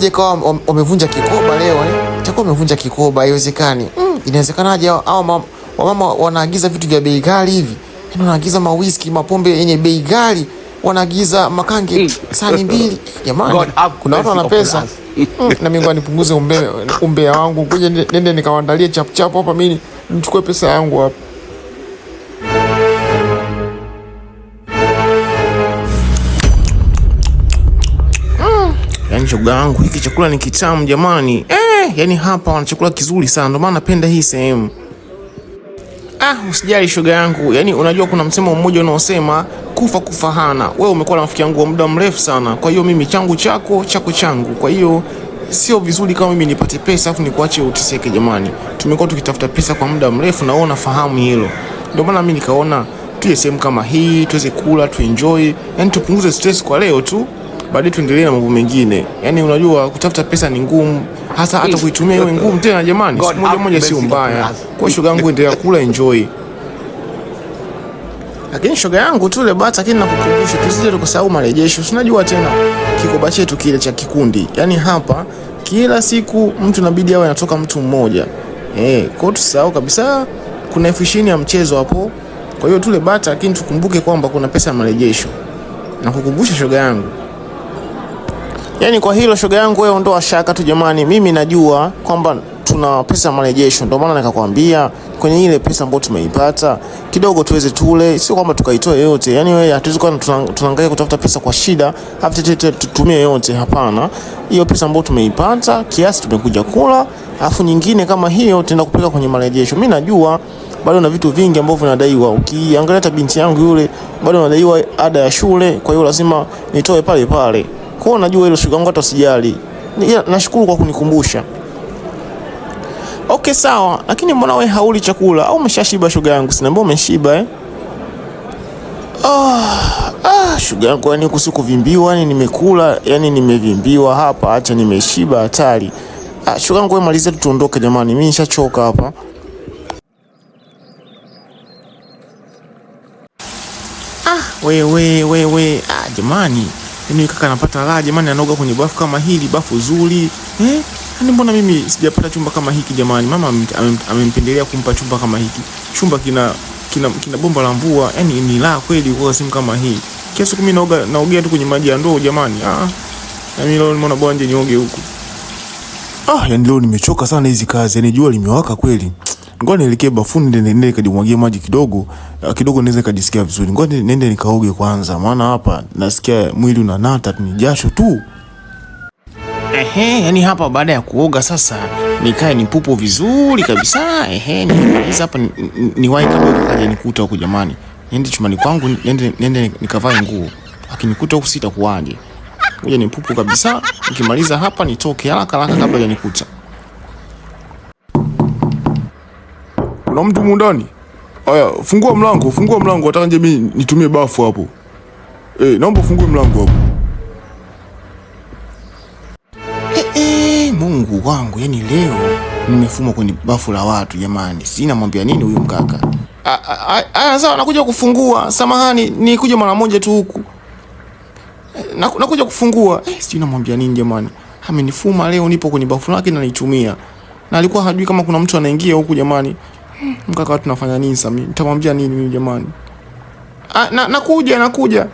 wasije kawa wamevunja kikoba leo eh, itakuwa wamevunja kikoba, haiwezekani. Mm, inawezekanaje? au mama wamama wanaagiza vitu vya bei ghali hivi, Yaani wanaagiza mawiski, mapombe yenye bei ghali, wanaagiza makange sani mbili. Jamani, kuna watu wana pesa. Mm, na mimi nipunguze umbea umbe wangu, kuja nende nikawaandalie chapchapu hapa, mimi nichukue pesa yangu hapa. yani shoga yangu hiki chakula ni kitamu jamani. Eh, yani hapa wana chakula kizuri sana ndio maana napenda hii sehemu. Ah, usijali shoga yangu. Yaani unajua kuna msemo mmoja unaosema kufa kufahana. hana. Wewe umekuwa rafiki yangu wa muda mrefu sana. Kwa hiyo mimi changu chako, chako changu. Kwa hiyo sio vizuri kama mimi nipate pesa afu nikuache uteseke jamani. Tumekuwa tukitafuta pesa kwa muda mrefu na wewe unafahamu hilo. Ndio maana mimi nikaona tuje sehemu kama hii tuweze kula, tuenjoy, yani tupunguze stress kwa leo tu baadaye tuendelee na mambo mengine. Yani unajua kutafuta pesa ni ngumu, hasa hata kuitumia iwe ngumu tena. Jamani, siku moja moja sio mbaya. Kwa shoga yangu, endelea kula, enjoy. Lakini shoga yangu tu ile bata, lakini nakukumbusha tusije tukasahau marejesho. Unajua tena kikoba chetu kile cha kikundi, yani hapa kila siku mtu inabidi awe anatoka mtu mmoja eh, kwa tusahau kabisa kuna elfu ishirini ya mchezo hapo. Kwa hiyo tule bata, lakini tukumbuke kwamba kuna pesa ya marejesho. Nakukumbusha shoga yangu. Yaani kwa hilo shoga yangu wewe ondoa shaka tu jamani, mimi najua kwamba tuna pesa marejesho, ndio maana nikakwambia kwenye ile pesa ambayo tumeipata kidogo tuweze tule, sio kwamba tukaitoa yote. Yani wewe hatuwezi kwa tunahangaika kutafuta pesa kwa shida hata tutumie yote, hapana. Hiyo pesa ambayo tumeipata kiasi tumekuja kula, afu nyingine kama hiyo tunaenda kupeleka kwenye marejesho. Mimi najua bado na vitu vingi ambavyo vinadaiwa. Ukiangalia hata binti yangu yule bado anadaiwa ada ya shule, kwa hiyo lazima nitoe pale pale. Kwa najua hilo siku yangu hata usijali. Nashukuru kwa kunikumbusha. Okay, sawa, lakini mbona wewe hauli chakula au umeshashiba shuga yangu? Si naambia umeshiba eh? Oh, ah, shuga yangu yani kusikuvimbiwa yani nimekula yani nimevimbiwa hapa, acha nimeshiba hatari. Ah, shuga yangu maliza tuondoke jamani, mimi nishachoka hapa. Ah, wewe wewe we. Ah, jamani Yaani kaka anapata raje maana anaoga kwenye bafu kama hili, bafu zuri. Eh? Yaani mbona mimi sijapata chumba kama hiki jamani? Mama amempendelea kumpa chumba kama hiki. Chumba kina kina, kina bomba la mvua. Yaani ni la kweli kwa simu kama hii. Kiasi kumi naoga naogea tu kwenye maji ya ndoo jamani. Ah. ah. Na mimi yaani leo nimeona bwanje nioge huku. Ah, yaani leo nimechoka sana hizi kazi. Yaani jua limewaka kweli. Ngoja nielekee bafuni nende nende nikajimwagie maji kidogo, eh, kidogo niweze kujisikia vizuri. Ngoja nende nikaoge kwanza, maana hapa nasikia mwili unanata ni jasho tu. Ehe, yani hapa baada ya kuoga sasa nikae nipupo vizuri kabisa. Ehe, nimaliza hapa ni niwahi kidogo kaja nikuta huko jamani. Niende chumani kwangu, niende niende nikavae nguo. Akinikuta huko sitakuwaje? Ngoja nipupo kabisa. Nikimaliza hapa nitoke haraka haraka kabla hajanikuta. kuna mtu mu ndani? Aya, fungua mlango, fungua mlango, nataka nje mimi nitumie bafu hapo. Eh, naomba ufungue mlango hapo. Eh, eh, Mungu wangu, yani leo nimefuma kwenye bafu la watu jamani, sina mwambia nini huyu mkaka. Aya, sawa, nakuja kufungua. Samahani, nikuja mara moja tu huku. Eh, nakuja kufungua. Eh, sijui namwambia nini jamani. Amenifuma leo, nipo kwenye bafu lake na nitumia. Na alikuwa hajui kama kuna mtu anaingia huku jamani. Mkaka, tunafanya nini sasa? Mimi nitamwambia nini mimi jamani? Ah, na nakuja nakuja.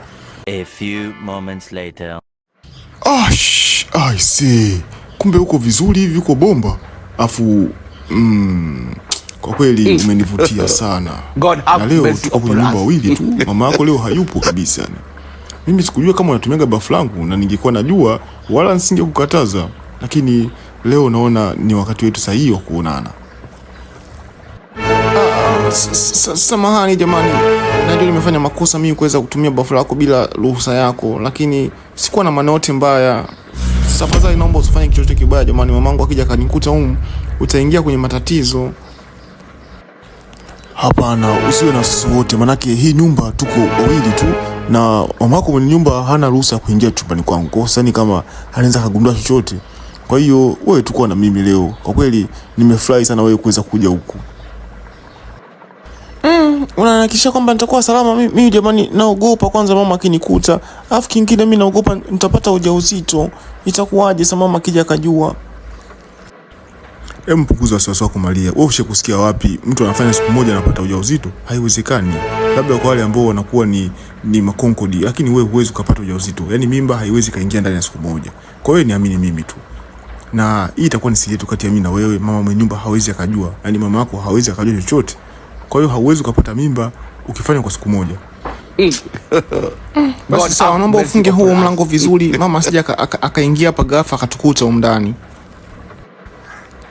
A few moments later. Oh, I see. Kumbe uko vizuri hivi uko bomba. Afu mm, kwa kweli umenivutia sana. God na leo tuko kwenye nyumba wawili tu. Mama yako leo hayupo kabisa. Yani. Mimi sikujua kama unatumiaga bafu langu na ningekuwa najua wala nisingekukataza. Lakini leo naona ni wakati wetu sahihi wa kuonana. Samahani jamani, najua nimefanya makosa mimi kuweza kutumia bafu lako bila ruhusa yako, lakini sikuwa na maana yote mbaya. Tafadhali naomba usifanye kichochote kibaya jamani, mamangu akija akanikuta humu utaingia kwenye matatizo. Hapana, usiwe na sisi wote, manake hii nyumba tuko wawili tu na mamako mwenye nyumba hana ruhusa ya kuingia chumbani kwangu, kwa sasa ni kama anaweza kagundua chochote. Kwa hiyo wewe tukuwa na mimi leo, kwa kweli nimefurahi sana wewe kuweza kuja huku mm, unanihakikishia kwamba nitakuwa salama mimi? Jamani, naogopa kwanza mama akinikuta, afu kingine mimi naogopa nitapata ujauzito, itakuwaje sasa mama akija akajua? Hebu mpunguza wasiwasi wako Maria. Wewe ushe kusikia wapi mtu anafanya siku moja anapata ujauzito? Haiwezekani. Labda kwa wale ambao wanakuwa ni ni makonkodi, lakini wewe huwezi kupata ujauzito. Yaani mimba haiwezi kaingia ndani ya siku moja. Kwa hiyo niamini mimi tu. Na hii itakuwa ni siri yetu kati ya mimi na wewe. Mama mwenye nyumba hawezi akajua. Yaani mama yako hawezi akajua chochote. Kwa hiyo hauwezi ukapata mimba ukifanya kwa siku moja. Mm. Eh. Basi sawa, naomba ufunge huo mlango vizuri, mama asije akaingia hapa ghafla akatukuta huko ndani.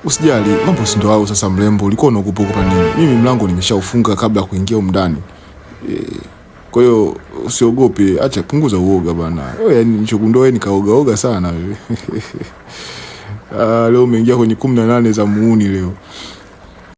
Usijali, mambo si ndo hao sasa. Mrembo, ulikuwa unaogopa kwa nini? Mimi mlango nimeshaufunga kabla ya kuingia huko ndani. e, Kwa hiyo usiogope, acha punguza uoga bana. Wewe yani nichogundoe nikaoga oga sana wewe. Ah, leo umeingia kwenye 18 za muuni leo.